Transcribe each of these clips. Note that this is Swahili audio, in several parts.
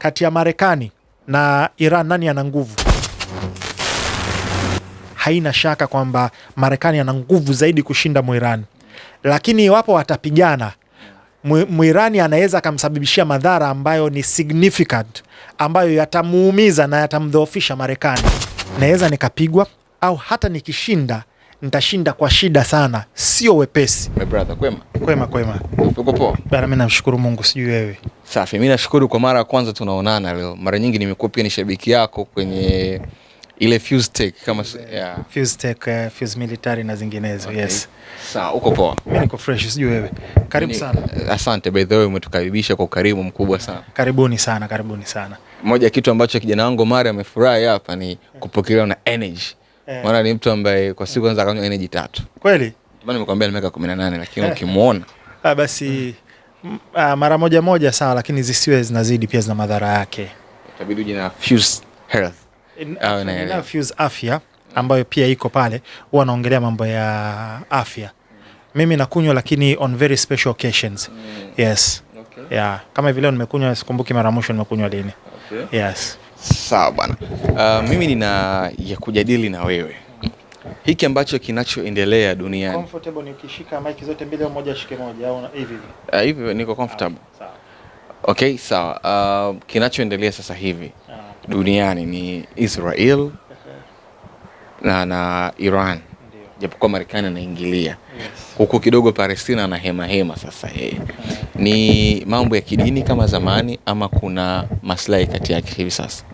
kati ya Marekani na Iran, nani ana nguvu? Haina shaka kwamba Marekani ana nguvu zaidi kushinda Mwirani, lakini iwapo watapigana Mwirani anaweza akamsababishia madhara ambayo ni significant, ambayo yatamuumiza na yatamdhoofisha Marekani. Naweza nikapigwa au hata nikishinda nitashinda kwa shida sana, sio wepesi. My brother, kwema kwema kwema, uko poa bana? Mimi namshukuru Mungu, sijui wewe. Safi, mimi nashukuru. Kwa mara ya kwanza tunaonana leo. Mara nyingi nimekuwa pia ni shabiki yako kwenye ile Fuse Tech kama yeah. Fuse Tech, uh, Fuse Military na zinginezo okay. Yes. Sawa, uko poa? Mimi niko fresh, sijui wewe. Karibu sana. Asante, by the way umetukaribisha kwa ukarimu mkubwa sana. Karibuni sana, karibuni sana. Moja kitu ambacho kijana wangu Mari amefurahi hapa ni kupokelewa na energy eh. Maana ni mtu ambaye kwa siku kwanza akanywa energy tatu kweli, maana nimekwambia ni miaka kumi nane lakini ukimuona eh. Ukimwona ah, basi ah, mara moja moja sawa, lakini zisiwe zinazidi, pia zina madhara yake, itabidi uje na fuse health au na fuse afya ambayo pia iko pale, huwa naongelea mambo ya afya. Mimi nakunywa lakini on very special occasions. Mm. Yes. Okay. Yeah. Kama hivi leo nimekunywa, sikumbuki mara mwisho nimekunywa lini. Okay. Yes. Sawa bwana. Uh, mimi nina ya kujadili na wewe hiki ambacho kinachoendelea duniani. Comfortable ni ukishika mic zote mbili au moja shike moja au hivi hivi. Ah, hivi niko comfortable. Ah, sawa. Okay, sawa. Uh, kinachoendelea sasa hivi duniani ni Israel na na Iran japokuwa Marekani anaingilia huku yes. Kidogo Palestina anahemahema sasa yeye Ni mambo ya kidini kama zamani ama kuna maslahi kati yake hivi sasa?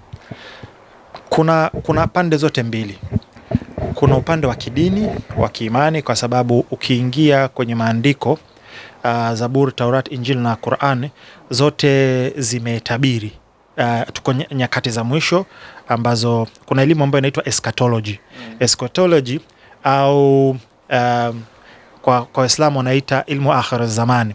Kuna, kuna pande zote mbili. Kuna upande wa kidini wa kiimani, kwa sababu ukiingia kwenye maandiko uh, Zaburi, Taurat, Injili na quran zote zimetabiri Uh, tuko nyakati za mwisho ambazo kuna elimu ambayo inaitwa eschatology. Mm. Eschatology au um, kwa kwa Waislamu wanaita ilmu akhir zamani.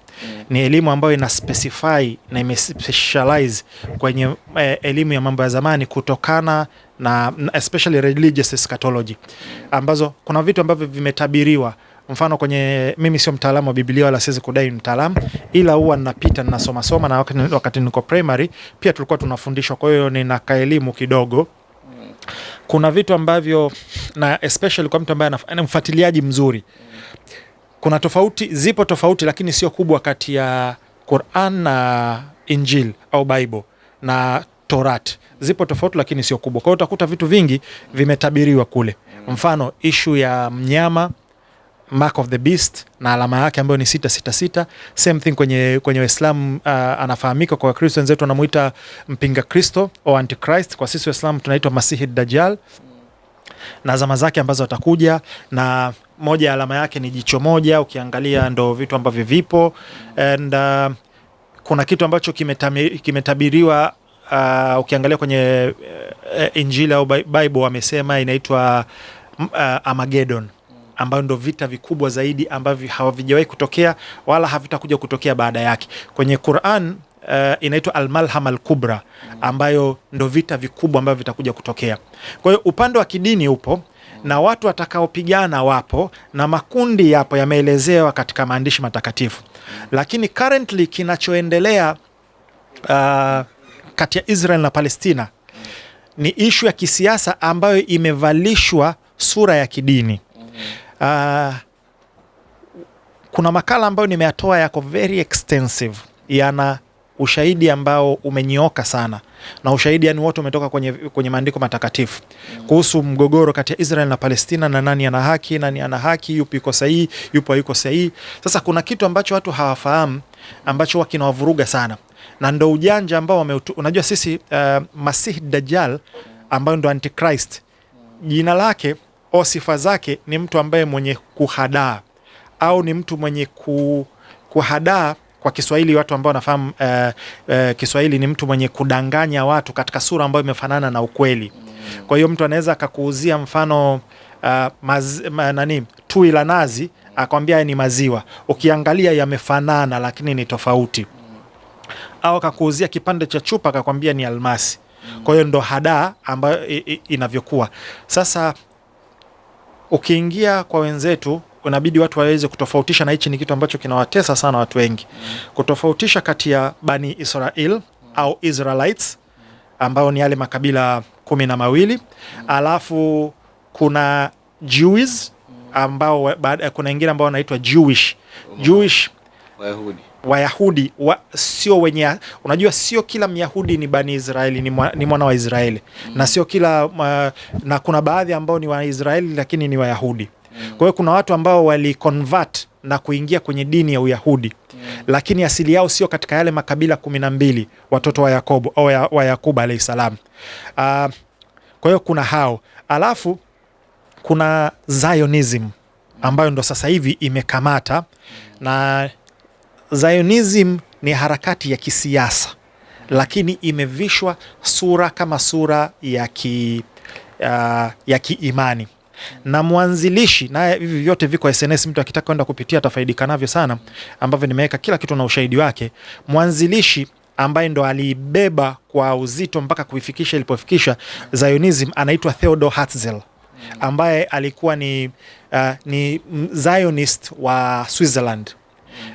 Ni elimu ambayo ina specify na specialize kwenye eh, elimu ya mambo ya zamani kutokana na especially religious eschatology, ambazo kuna vitu ambavyo vimetabiriwa mfano kwenye, mimi sio mtaalamu wa Biblia wala siwezi kudai mtaalamu, ila huwa ninapita ninasomasoma, na wakati, wakati niko primary pia tulikuwa tunafundishwa, kwa hiyo ninakaelimu kidogo kuna vitu ambavyo na especially kwa mtu ambaye ana mfuatiliaji mzuri, kuna tofauti, zipo tofauti, lakini sio kubwa kati ya Quran na Injil au Bible na Torati. Zipo tofauti, lakini sio kubwa. Kwa hiyo utakuta vitu vingi vimetabiriwa kule, mfano ishu ya mnyama Mark of the Beast na alama yake ambayo ni 666. Same thing kwenye kwenye Waislamu uh, anafahamika kwa Wakristo wenzetu wanamuita mpinga Kristo au Antichrist, kwa sisi Waislamu tunaitwa Masihi Dajjal na zama zake ambazo atakuja na moja ya alama yake ni jicho moja, ukiangalia ndo vitu ambavyo vipo and uh, kuna kitu ambacho kimetabiriwa uh, ukiangalia kwenye uh, Injili au Bible amesema inaitwa uh, Armageddon ambayo ndo vita vikubwa zaidi ambavyo havijawahi kutokea wala havitakuja kutokea baada yake kwenye Quran. Uh, inaitwa Almalham Alkubra ambayo ndo vita vikubwa ambavyo vitakuja kutokea. Kwa hiyo upande wa kidini upo na watu watakaopigana wapo na makundi yapo, yameelezewa katika maandishi matakatifu, lakini currently kinachoendelea uh, kati ya Israel na Palestina ni ishu ya kisiasa ambayo imevalishwa sura ya kidini uh, kuna makala ambayo nimeyatoa yako very extensive, yana ushahidi ambao umenyoka sana, na ushahidi yani wote umetoka kwenye, kwenye maandiko matakatifu kuhusu mgogoro kati ya Israel na Palestina na nani ana haki, nani ana haki, yupi yuko sahihi, yupo hayuko sahihi. Sasa kuna kitu ambacho watu hawafahamu ambacho huwa kinawavuruga sana, na ndo ujanja ambao wameutu. Unajua sisi uh, Masih Dajjal ambayo ndo Antichrist jina lake o sifa zake ni mtu ambaye mwenye kuhadaa au ni mtu mwenye ku, kuhadaa kwa Kiswahili watu ambao wanafahamu uh, uh, Kiswahili ni mtu mwenye kudanganya watu katika sura ambayo imefanana na ukweli. Kwa hiyo mtu anaweza akakuuzia mfano uh, maz, ma, nani tui la nazi akwambia ni maziwa, ukiangalia yamefanana lakini ni tofauti, au akakuuzia kipande cha chupa akakwambia ni almasi. Kwa hiyo ndo hadaa ambayo inavyokuwa sasa ukiingia kwa wenzetu unabidi watu waweze kutofautisha, na hichi ni kitu ambacho kinawatesa sana watu wengi, kutofautisha kati ya Bani Israel au Israelites ambao ni yale makabila kumi na mawili, alafu kuna Jews ambao kuna wengine ambao wanaitwa Jewish Jewish Wayahudi Wayahudi wa, sio wenye, unajua sio kila Myahudi ni bani Israeli, ni, mwa, ni mwana wa Israeli mm. na sio kila uh, na kuna baadhi ambao ni Waisraeli lakini ni Wayahudi mm. kwa hiyo kuna watu ambao waliconvert na kuingia kwenye dini ya Uyahudi mm. lakini asili yao sio katika yale makabila kumi na mbili watoto wa Yakobo au wa Yakubu alahi salam. Uh, kwa hiyo kuna hao, alafu kuna Zionism mm. ambayo ndo sasa hivi imekamata mm. na Zionism ni harakati ya kisiasa lakini imevishwa sura kama sura ya ki, uh, ya kiimani na mwanzilishi na hivi vyote viko SNS, mtu akitaka kwenda kupitia atafaidika navyo sana, ambavyo nimeweka kila kitu na ushahidi wake. Mwanzilishi ambaye ndo aliibeba kwa uzito mpaka kuifikisha ilipofikisha Zionism anaitwa Theodor Herzl ambaye alikuwa ni, uh, ni Zionist wa Switzerland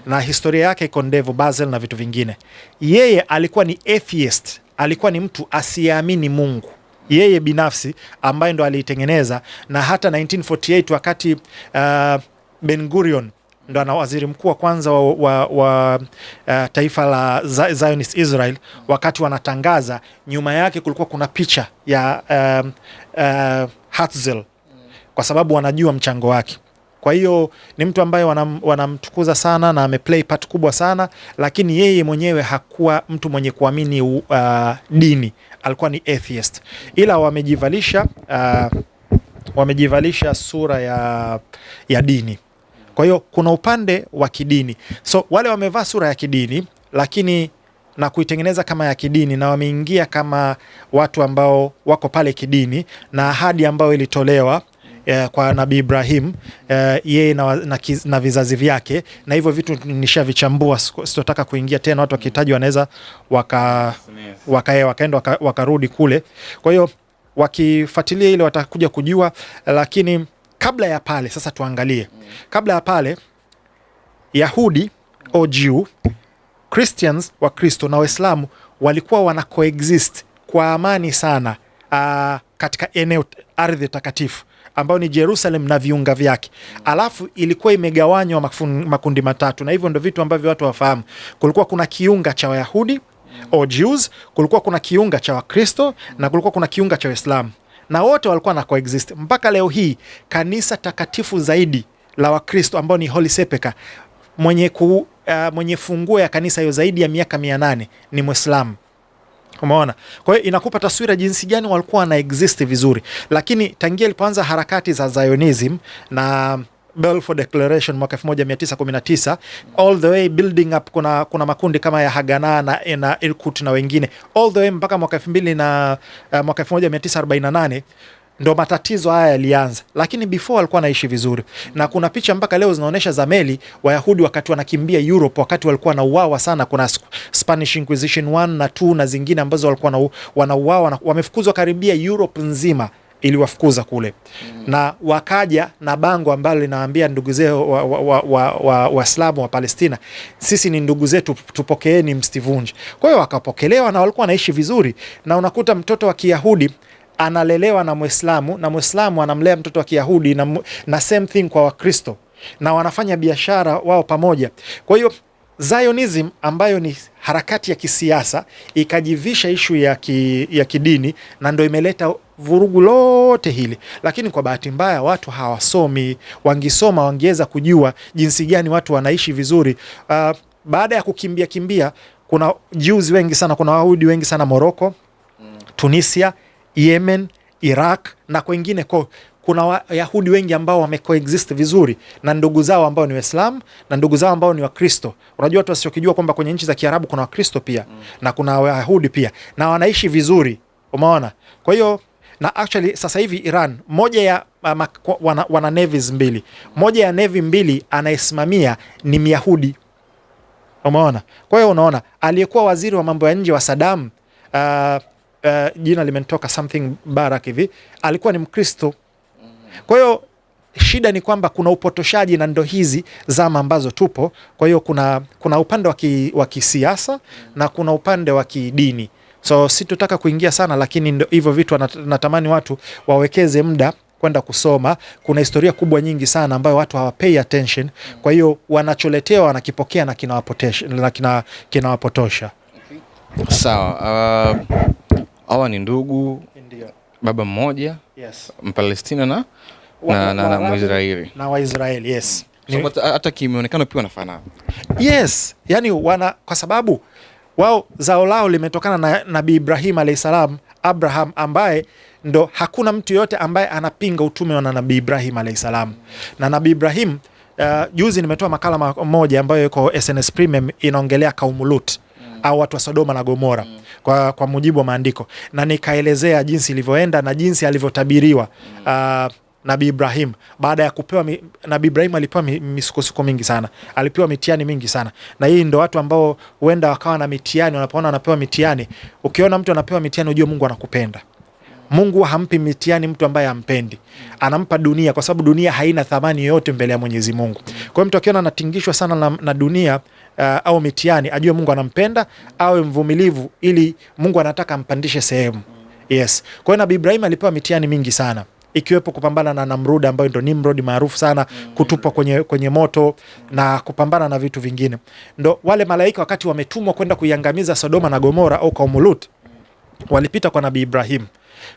na historia yake iko ndevu Basel na vitu vingine. Yeye alikuwa ni atheist, alikuwa ni mtu asiyeamini Mungu yeye binafsi, ambaye ndo aliitengeneza na hata 1948 wakati uh, Ben Gurion ndo ana waziri mkuu wa kwanza wa, wa, wa uh, taifa la Zionist Israel, wakati wanatangaza, nyuma yake kulikuwa kuna picha ya uh, uh, Herzl kwa sababu wanajua mchango wake. Kwa hiyo ni mtu ambaye wanam, wanamtukuza sana na ameplay part kubwa sana, lakini yeye mwenyewe hakuwa mtu mwenye kuamini uh, dini, alikuwa ni atheist, ila wamejivalisha uh, wamejivalisha sura ya, ya dini. Kwa hiyo kuna upande wa kidini, so wale wamevaa sura ya kidini lakini na kuitengeneza kama ya kidini na wameingia kama watu ambao wako pale kidini na ahadi ambayo ilitolewa eh, kwa Nabii Ibrahim eh, yeye na, na, na vizazi vyake, na hivyo vitu nishavichambua, sitotaka kuingia tena. Watu wakihitaji wanaweza waka, wakaenda wakarudi waka kule. Kwa hiyo wakifuatilia ile watakuja kujua, lakini kabla ya pale sasa tuangalie, kabla ya pale Yahudi Jew, Christians wa Kristo na Waislamu walikuwa wana coexist kwa amani sana, uh, katika eneo ardhi takatifu ambayo ni Jerusalem na viunga vyake, alafu ilikuwa imegawanywa makundi matatu, na hivyo ndio vitu ambavyo watu wafahamu. Kulikuwa kuna kiunga cha Wayahudi au Jews, kulikuwa kuna kiunga cha Wakristo na kulikuwa kuna kiunga cha Waislamu, na wote walikuwa na coexist mpaka leo hii. Kanisa takatifu zaidi la Wakristo ambao ni Holy Sepulchre mwenye, ku, uh, mwenye funguo ya kanisa hiyo zaidi ya miaka mia nane ni Mwislamu. Umeona, kwa hiyo inakupa taswira jinsi gani walikuwa wana exist vizuri, lakini tangia ilipoanza harakati za Zionism na Balfour Declaration mwaka 1919 all the way building up, kuna, kuna makundi kama ya hagana na, na Irkut na wengine all the way mpaka mwaka 2000 na uh, mwaka 1948 ndo matatizo haya yalianza, lakini before alikuwa anaishi vizuri, na kuna picha mpaka leo zinaonyesha za meli Wayahudi wakati wanakimbia Europe, wakati walikuwa wanauawa sana. Kuna Spanish Inquisition 1 na 2 na zingine ambazo walikuwa wanauawa, wamefukuzwa karibia Europe nzima iliwafukuza kule mm na wakaja na bango ambalo linawaambia ndugu zetu Waislamu wa, wa, wa, wa, wa Palestina, sisi ni ndugu zetu, tupokeeni msivunje. Kwa hiyo wakapokelewa na walikuwa wanaishi vizuri, na unakuta mtoto wa Kiyahudi analelewa na Mwislamu na Mwislamu anamlea mtoto wa Kiyahudi na, na same thing kwa Wakristo na wanafanya biashara wao pamoja. Kwa hiyo Zionism ambayo ni harakati ya kisiasa ikajivisha ishu ya, ki, ya kidini na ndo imeleta vurugu lote hili, lakini kwa bahati mbaya watu hawasomi. Wangisoma wangeweza kujua jinsi gani watu wanaishi vizuri. Uh, baada ya kukimbia kimbia, kuna jiuzi wengi sana, kuna Wayahudi wengi sana Moroko, mm. Tunisia Yemen, Iraq na kwengine ko kuna Wayahudi wengi ambao wamecoexist vizuri na ndugu zao ambao ni Waislamu na ndugu zao ambao ni Wakristo. Unajua watu wasiokijua kwamba kwenye nchi za Kiarabu kuna Wakristo pia mm. na kuna Wayahudi pia na wanaishi vizuri, umeona. Kwa hiyo na actually sasa hivi Iran moja ya uh, wana, wana navies mbili, moja ya navy mbili anayesimamia ni Myahudi, umeona. Kwa hiyo unaona aliyekuwa waziri wa mambo ya nje wa Saddam uh, uh, jina limetoka something Barak hivi, alikuwa ni Mkristo. Kwa hiyo shida ni kwamba kuna upotoshaji na ndo hizi zama ambazo tupo. Kwa hiyo kuna, kuna upande wa kisiasa na kuna upande wa kidini so situtaka kuingia sana, lakini ndo hivyo vitu natamani watu wawekeze muda kwenda kusoma. Kuna historia kubwa nyingi sana ambayo watu hawapay attention. Kwa hiyo wanacholetewa wanakipokea na kinawapotosha. Sawa. Uh, awa ni ndugu, baba mmoja yes. Mpalestina na na, na, na Mwisraeli na Waisraeli yes. Uh, hata kimeonekana pia wanafanana yes, yani wana kwa sababu wao zao lao limetokana na Nabii Ibrahim alahi salam, Abraham ambaye ndo hakuna mtu yoyote ambaye anapinga utume wa Nabii Ibrahim alahi salam na Nabii Ibrahim. Uh, juzi nimetoa makala moja ambayo iko SNS Premium inaongelea kaumu Lut au watu wa Sodoma na Gomora mm. kwa, kwa mujibu wa maandiko, na nikaelezea jinsi ilivyoenda na jinsi alivyotabiriwa mm. uh, Nabii Ibrahim baada ya kupewa mi, Nabii Ibrahim alipewa misukosuko mingi sana, alipewa mitihani mingi sana, na hii ndo watu ambao huenda wakawa na mitihani. Wanapoona wanapewa mitihani, ukiona mtu anapewa mitihani ujue Mungu anakupenda. Mungu hampi mitihani mtu ambaye ampendi anampa dunia, kwa sababu dunia haina thamani yoyote mbele ya Mwenyezi Mungu. Kwa hiyo mtu akiona anatingishwa sana na, na dunia uh, au mitihani, ajue Mungu anampenda, awe mvumilivu, ili Mungu anataka ampandishe sehemu. Yes, kwa hiyo Nabii Ibrahim alipewa mitihani mingi sana ikiwepo kupambana na Namrud ambayo ndo Nimrod maarufu sana, kutupwa kwenye, kwenye moto na kupambana na vitu vingine. Ndo wale malaika wakati wametumwa kwenda kuiangamiza Sodoma na Gomora au Kaumu Lut walipita kwa Nabii Ibrahim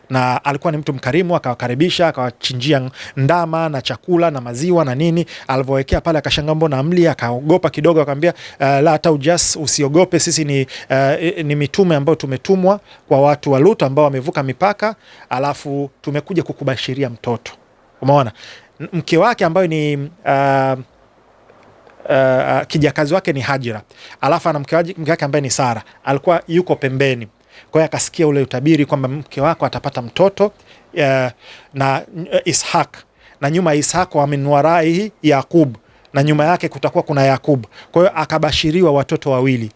na alikuwa ni mtu mkarimu, akawakaribisha akawachinjia ndama na chakula na maziwa na nini. Alivyowekea pale akashanga, mbona mli? Akaogopa kidogo, akamwambia uh, la taujas, usiogope, sisi ni, uh, ni mitume ambao tumetumwa kwa watu wa Lut ambao wamevuka mipaka, alafu tumekuja kukubashiria mtoto. Umeona mke wake ambayo ni uh, uh, kijakazi wake ni Hajira, alafu ana mke wake ambaye ni Sara, alikuwa yuko pembeni kwa hiyo akasikia ule utabiri kwamba mke wako atapata mtoto uh, na uh, eh, Ishaq na nyuma ya Ishaq wa min na nyuma yake kutakuwa kuna Yaqub. Kwa hiyo akabashiriwa watoto wawili,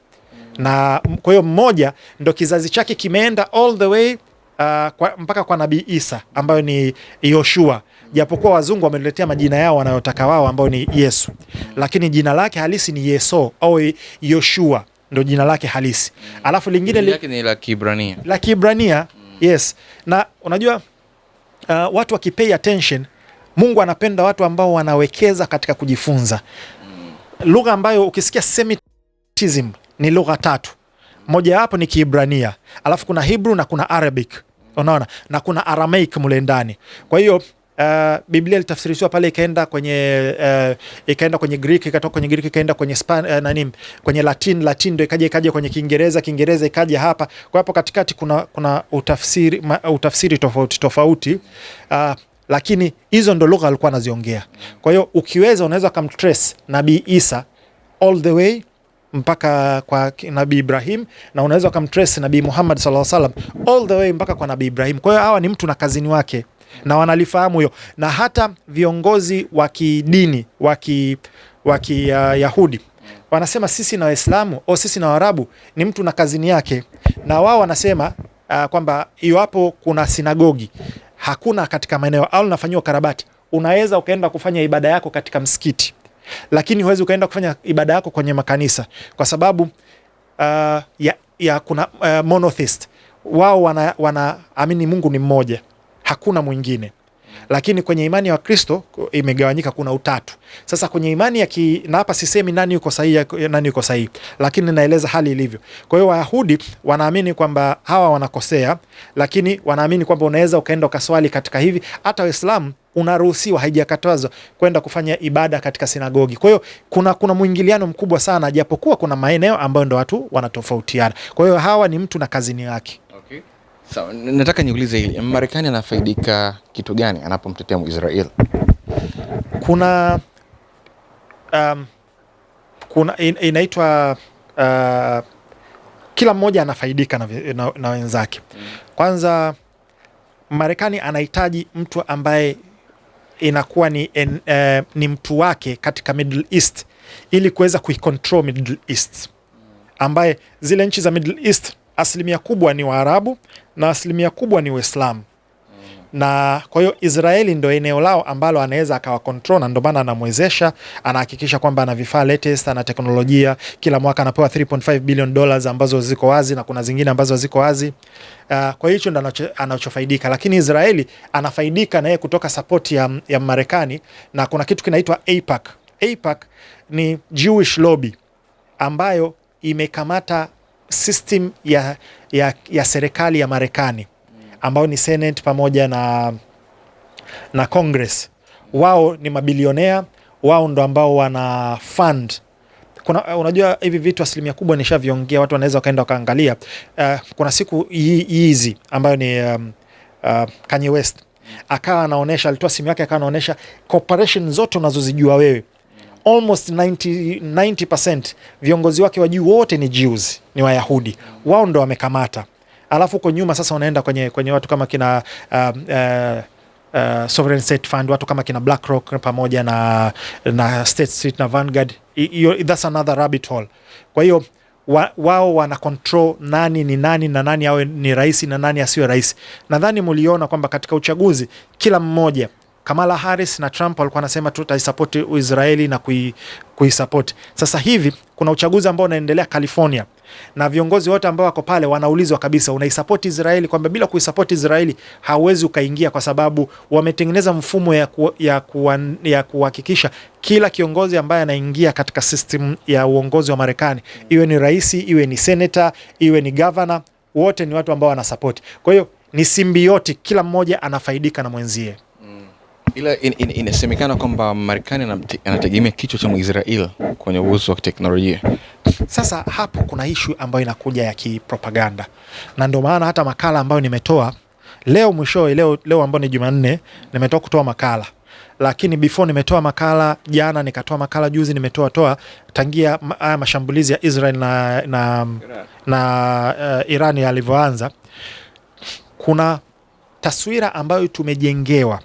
na kwa hiyo mmoja ndo kizazi chake kimeenda all the way Uh, kwa, mpaka kwa Nabii Isa ambayo ni Yoshua, japokuwa wazungu wameletea majina yao wanayotaka wao, ambayo ni Yesu, lakini jina lake halisi ni Yeso au Yoshua ndo jina lake halisi. Mm. Alafu lingine li... la Kibrania, la Kibrania mm. Yes, na unajua uh, watu wakipay attention, Mungu anapenda watu ambao wanawekeza katika kujifunza mm. lugha ambayo ukisikia Semitism ni lugha tatu, moja wapo ni kiibrania alafu kuna Hebrew na kuna Arabic, unaona na kuna Aramaic mule ndani, kwa hiyo Uh, Biblia ilitafsiriwa pale ikaenda kwenye uh, ikaenda kwenye Greek ikatoka kwenye Greek ikaenda kwenye Span, uh, nani kwenye Latin Latin ndio ikaja ikaja kwenye Kiingereza Kiingereza ikaja hapa. Kwa hapo katikati kuna kuna utafsiri ma, utafsiri tofauti tofauti uh, lakini hizo ndo lugha alikuwa anaziongea. Kwa hiyo ukiweza, unaweza kumtrace Nabii Isa all the way mpaka kwa Nabii Ibrahim na unaweza kumtrace Nabii Muhammad sallallahu alaihi wasallam all the way mpaka kwa Nabii Ibrahim. Kwa hiyo hawa ni mtu na kazini wake na wanalifahamu hiyo, na hata viongozi wa kidini wa Kiyahudi uh, wanasema sisi na Waislamu au sisi na Waarabu ni mtu na kazini yake, na wao wanasema uh, kwamba iwapo kuna sinagogi hakuna katika maeneo au linafanyiwa karabati, unaweza ukaenda kufanya ibada yako katika msikiti, lakini huwezi ukaenda kufanya ibada yako kwenye makanisa kwa sababu uh, ya, ya kuna uh, monotheist wao wanaamini wana, Mungu ni mmoja hakuna mwingine lakini kwenye imani ya Wakristo imegawanyika, kuna utatu. Sasa kwenye imani ya ki, na hapa sisemi nani yuko sahihi, nani yuko sahihi, lakini naeleza hali ilivyo. Kwa hiyo Wayahudi wanaamini kwamba hawa wanakosea, lakini wanaamini kwamba unaweza ukaenda ukaswali katika hivi. Hata Waislamu unaruhusiwa, haijakatazwa kwenda kufanya ibada katika sinagogi. Kwa hiyo kuna, kuna mwingiliano mkubwa sana, japokuwa kuna maeneo ambayo ndo watu wanatofautiana. Kwa hiyo hawa ni mtu na kazini yake okay. So, nataka niulize hili, Marekani anafaidika kitu gani anapomtetea Israel? Kuna um, kuna in, inaitwa uh, kila mmoja anafaidika na, na, na wenzake. Kwanza Marekani anahitaji mtu ambaye inakuwa ni, en, eh, ni mtu wake katika Middle East ili kuweza kuicontrol Middle East ambaye zile nchi za Middle East asilimia kubwa ni Waarabu na asilimia kubwa ni Waislamu na kwa hiyo Israeli ndo eneo lao ambalo anaweza akawa control, na ndo maana anamwezesha, anahakikisha kwamba ana vifaa latest, ana teknolojia. Kila mwaka anapewa 3.5 billion dollars ambazo ziko wazi na kuna zingine ambazo ziko wazi. Uh, kwa hiyo hicho ndo anachofaidika, lakini Israeli anafaidika naye kutoka support ya, ya Marekani na kuna kitu kinaitwa AIPAC. AIPAC ni Jewish lobby ambayo imekamata system ya, ya, ya serikali ya Marekani ambayo ni Senate pamoja na, na Congress. Wao ni mabilionea, wao ndo ambao wana fund kuna, unajua hivi vitu asilimia kubwa nishaviongea, watu wanaweza wakaenda wakaangalia. Uh, kuna siku hizi ambayo ni um, uh, Kanye West akawa anaonesha, alitoa simu yake akawa anaonesha corporation zote unazozijua wewe almost 90, 90% viongozi wake wa juu wote ni Jews, ni Wayahudi, wao ndo wamekamata. Alafu huko nyuma sasa wanaenda kwenye, kwenye watu kama kina uh, uh, Uh, Sovereign State Fund watu kama kina BlackRock pamoja na, na State Street na Vanguard. I, that's another rabbit hole. Kwa hiyo wa, wao wana control nani ni nani na nani awe ni rais na nani asiwe rais. Nadhani muliona kwamba katika uchaguzi kila mmoja Kamala Harris na Trump walikuwa wanasema tutaisapoti Israeli na kuisapoti kui. Sasa hivi kuna uchaguzi ambao unaendelea California, na viongozi wote ambao wako pale wanaulizwa kabisa, unaisapoti Israeli? Kwamba bila kuisapoti Israeli hauwezi ukaingia, kwa sababu wametengeneza mfumo ya, ku, ya, ya kuhakikisha kila kiongozi ambaye anaingia katika system ya uongozi wa Marekani, iwe ni raisi, iwe ni senator, iwe ni governor, wote ni watu ambao wanasapoti. Kwa hiyo ni simbioti, kila mmoja anafaidika na mwenzie. Ila in, in, inasemekana kwamba Marekani anategemea kichwa cha Mwisraeli kwenye uuzo wa teknolojia. Sasa hapo kuna ishu ambayo inakuja ya kipropaganda, na ndio maana hata makala ambayo nimetoa leo mwishowe, leo, leo ambayo ni Jumanne, nimetoa kutoa makala lakini before nimetoa makala jana, nikatoa makala juzi, nimetoa toa tangia haya mashambulizi ya Israel na, na, na uh, Iran yalivyoanza, kuna taswira ambayo tumejengewa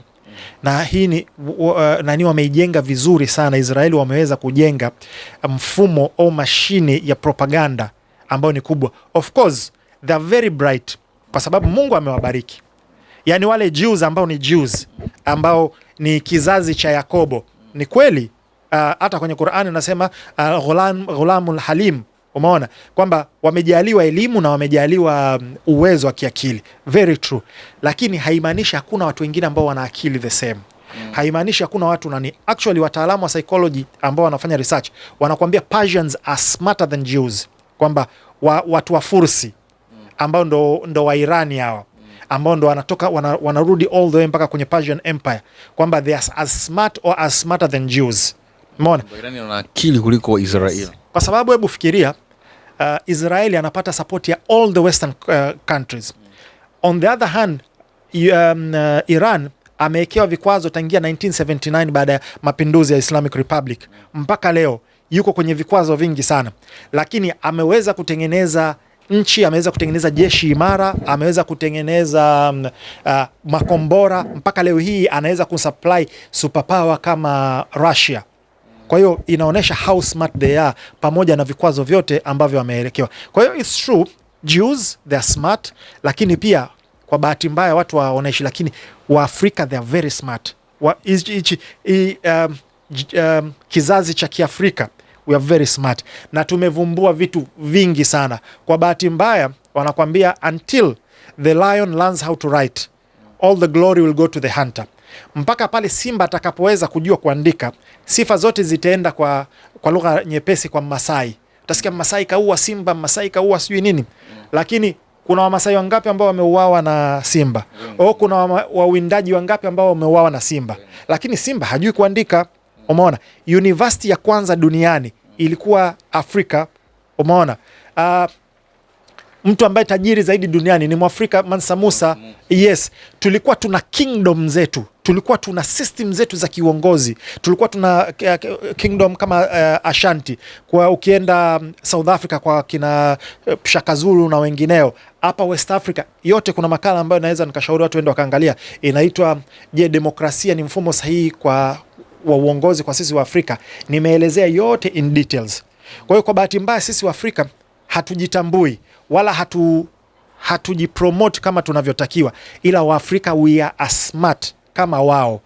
na hii ni eh, nani, wameijenga vizuri sana Israeli, wameweza kujenga mfumo au mashine ya propaganda ambayo ni kubwa. Of course they are very bright, kwa sababu Mungu amewabariki yani wale Jews ambao ni Jews ambao ni kizazi cha Yakobo. Ni kweli ah, hata uh, kwenye Qur'ani nasema uh, ghulam, ghulamul halim Umeona kwamba wamejaliwa elimu na wamejaliwa um, uwezo wa kiakili very true, lakini haimaanishi hakuna watu wengine ambao wana akili the same mm. Haimaanishi hakuna watu nani, actually wataalamu wa psychology ambao wanafanya research wanakuambia Persians are smarter than Jews, kwamba wa, watu wa Fursi mm. ambao ndo, ndo wa Irani hawa mm. ambao ndo wanatoka wana, wanarudi all the way mpaka kwenye Persian Empire kwamba they are as smart or as smarter than Jews. Umeona, Irani wana akili kuliko Israeli, kwa sababu hebu fikiria uh, Israeli anapata support ya all the western uh, countries. On the other hand um, uh, Iran amewekewa vikwazo tangia 1979 baada ya mapinduzi ya Islamic Republic mpaka leo yuko kwenye vikwazo vingi sana, lakini ameweza kutengeneza nchi ameweza kutengeneza jeshi imara, ameweza kutengeneza um, uh, makombora. Mpaka leo hii anaweza kusupply superpower kama Russia. Kwa hiyo inaonyesha how smart they are, pamoja na vikwazo vyote ambavyo wameelekewa. Kwa hiyo it's true Jews they are smart, lakini pia kwa bahati mbaya watu waonaishi, lakini Waafrika they are very smart wa, is, is, is, um, um, kizazi cha Kiafrika we are very smart na tumevumbua vitu vingi sana. Kwa bahati mbaya wanakwambia until the lion learns how to write all the glory will go to the hunter, mpaka pale simba atakapoweza kujua kuandika sifa zote zitaenda kwa, kwa lugha nyepesi kwa Mmasai. Utasikia Mmasai kaua simba, masai kaua sijui nini, lakini kuna Wamasai wangapi ambao wameuawa na simba? Au oh, kuna wawindaji wangapi ambao wameuawa na simba? Lakini simba hajui kuandika. Umeona, university ya kwanza duniani ilikuwa Afrika. Umeona uh, mtu ambaye tajiri zaidi duniani ni Mwafrika Mansa Musa. Yes, tulikuwa tuna kingdom zetu, tulikuwa tuna system zetu za kiuongozi, tulikuwa tuna eh, kingdom kama uh, Ashanti kwa ukienda mm, South Africa kwa kina eh, Shaka Zulu na wengineo hapa West Africa yote, kuna makala ambayo naweza nikashauri watu waende wakaangalia, inaitwa Je, demokrasia ni mfumo sahihi kwa wa uongozi kwa sisi wa Afrika? Nimeelezea yote in details. Kwa hiyo kwa bahati mbaya sisi wa Afrika hatujitambui wala hatu hatujipromote kama tunavyotakiwa, ila Waafrika we are as smart kama wao.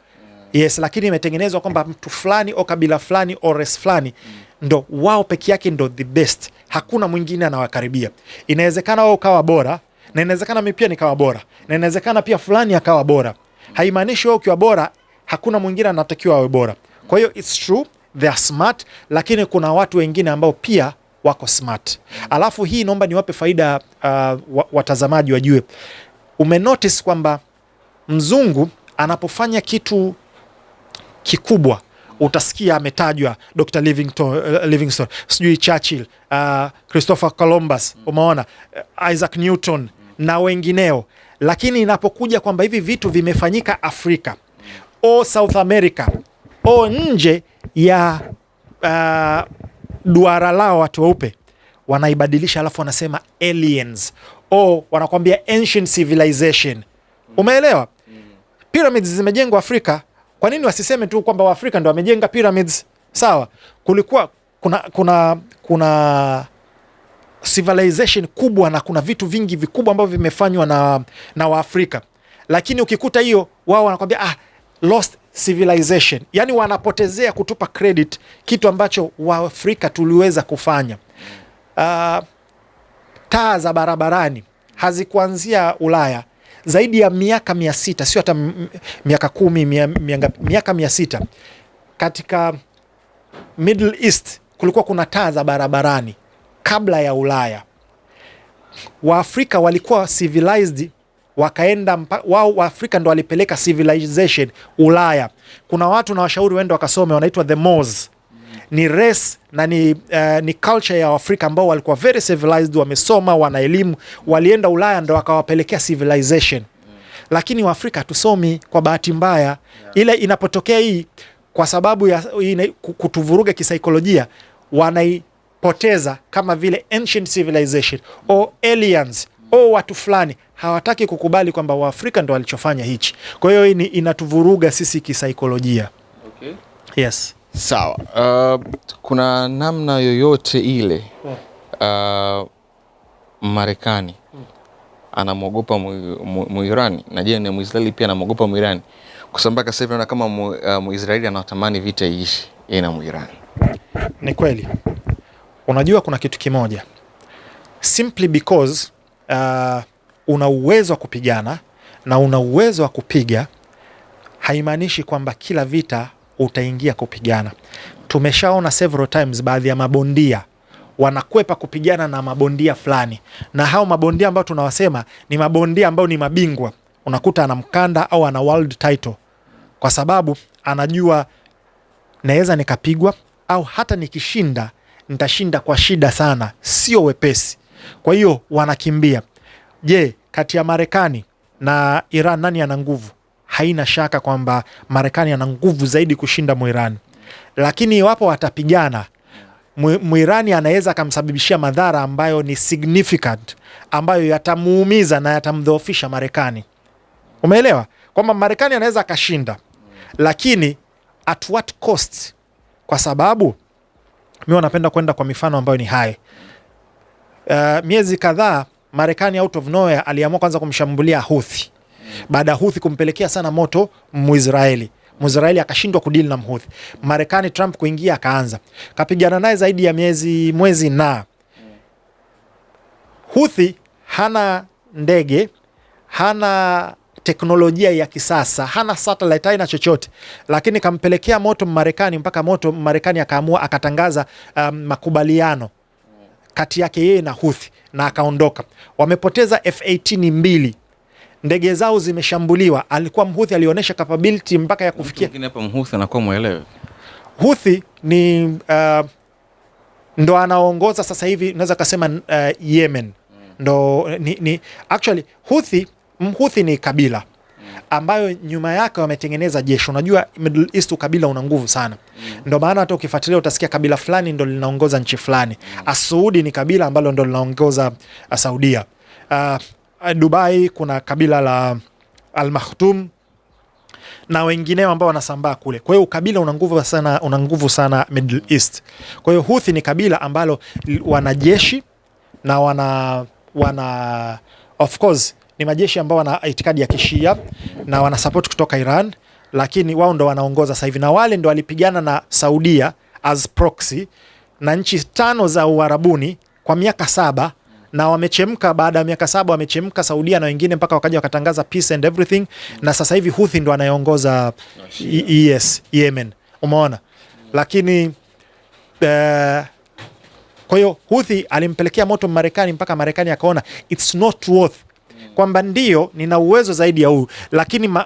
Yes, lakini imetengenezwa kwamba mtu fulani au kabila fulani au race fulani ndo wao peke yake ndo the best, hakuna mwingine anawakaribia. Inawezekana wao ukawa bora na inawezekana mimi pia nikawa bora na inawezekana pia fulani akawa bora. Haimaanishi wao ukiwa bora hakuna mwingine anatakiwa awe bora. Kwa hiyo it's true they are smart, lakini kuna watu wengine ambao pia wako smart. Alafu hii naomba niwape faida uh, watazamaji wajue. Umenotice kwamba mzungu anapofanya kitu kikubwa utasikia ametajwa Dr. Livingstone, uh, Livingstone sijui Churchill, uh, Christopher Columbus, mm. umeona uh, Isaac Newton na wengineo, lakini inapokuja kwamba hivi vitu vimefanyika Afrika o South America o nje ya uh, duara lao watu weupe wanaibadilisha, alafu wanasema aliens o wanakwambia ancient civilization. Umeelewa? Pyramids zimejengwa Afrika, kwa nini wasiseme tu kwamba Waafrika ndo wamejenga pyramids? Sawa, kulikuwa kuna kuna kuna civilization kubwa na kuna vitu vingi vikubwa ambavyo vimefanywa na na Waafrika, lakini ukikuta hiyo wao wanakwambia ah, lost civilization, yani wanapotezea kutupa credit kitu ambacho Waafrika tuliweza kufanya. Uh, taa za barabarani hazikuanzia Ulaya zaidi ya miaka mia sita sio hata miaka kumi mia, miaka mia sita katika Middle East kulikuwa kuna taa za barabarani kabla ya Ulaya. Waafrika walikuwa civilized wakaenda wao Waafrika ndo walipeleka civilization Ulaya. Kuna watu na washauri wende wakasome, wanaitwa the Moors ni race na ni, uh, ni culture ya Waafrika ambao walikuwa very civilized, wamesoma, wana elimu, walienda Ulaya ndo wakawapelekea civilization Lakini Waafrika hatusomi kwa bahati mbaya ila Ile inapotokea hii kwa sababu ya kutuvuruga kisaikolojia, wanaipoteza kama vile ancient civilization or aliens o oh, watu fulani hawataki kukubali kwamba Waafrika ndo walichofanya hichi. Kwa hiyo hii inatuvuruga sisi kisaikolojia. Okay. Yes. Sawa. Uh, kuna namna yoyote ile hmm. uh, Marekani anamwogopa Muirani na je, ni Muisraeli pia anamwogopa Muirani kwa sababu mpaka sasa hivi naona kama uh, muisraeli uh, anatamani vita iishi na Muirani. Ni kweli. Unajua kuna kitu kimoja, simply because uh, una uwezo wa kupigana na una uwezo wa kupiga, haimaanishi kwamba kila vita utaingia kupigana. Tumeshaona several times baadhi ya mabondia wanakwepa kupigana na mabondia fulani, na hao mabondia ambao tunawasema ni mabondia ambao ni mabingwa, unakuta ana mkanda au ana world title, kwa sababu anajua naweza nikapigwa, au hata nikishinda nitashinda kwa shida sana, sio wepesi. Kwa hiyo wanakimbia. Je, kati ya Marekani na Iran nani ana nguvu? Haina shaka kwamba Marekani ana nguvu zaidi kushinda Mwirani, lakini iwapo watapigana Mwirani anaweza akamsababishia madhara ambayo ni significant, ambayo yatamuumiza na yatamdhoofisha Marekani. Umeelewa kwamba Marekani anaweza akashinda, lakini at what cost? Kwa sababu mi wanapenda kwenda kwa mifano ambayo ni hai uh, miezi kadhaa Marekani out of nowhere aliamua kwanza kumshambulia huthi baada ya Huthi kumpelekea sana moto Mwisraeli. Mwisraeli akashindwa kudili na mhuthi Marekani Trump kuingia akaanza kapigana naye zaidi ya miezi mwezi, na huthi hana ndege, hana teknolojia ya kisasa, hana satellite, haina chochote, lakini kampelekea moto Marekani mpaka moto Marekani akaamua akatangaza um, makubaliano kati yake yeye na huthi na akaondoka. Wamepoteza F18 mbili, ndege zao zimeshambuliwa. Alikuwa mhuthi alionyesha capability mpaka ya kufikia hapa. anakuwa mwelewe, Huthi ni uh, ndo anaongoza sasa hivi unaweza kasema uh, Yemen mm. ndo ni, ni, actually Huthi, Mhuthi ni kabila ambayo nyuma yake wametengeneza jeshi. Unajua Middle East ukabila una nguvu sana mm. Ndo maana hata ukifuatilia utasikia kabila fulani ndo linaongoza nchi fulani mm. Asuudi ah, ni kabila ambalo ndo linaongoza ah, Saudia. Uh, Dubai kuna kabila la almahtum na wengineo ambao wanasambaa kule. Kwa hiyo ukabila una nguvu sana, una nguvu sana Middle East. Kwa hiyo Houthi ni kabila ambalo wana jeshi na wana wana of course ni majeshi ambao wana itikadi ya kishia na wana support kutoka Iran, lakini wao ndo wanaongoza sasa hivi, na wale ndo walipigana na Saudia as proxy na nchi tano za Uarabuni kwa miaka saba na wamechemka baada ya miaka saba wamechemka Saudia na wengine mpaka wakaja wakatangaza peace and everything mm Na sasa hivi Houthi ndo anayeongoza yes, e Yemen, umeona mm Lakini uh, kwa hiyo Houthi alimpelekea moto Marekani mpaka Marekani akaona it's not worth kwamba ndio nina uwezo zaidi ya huyu lakini ma,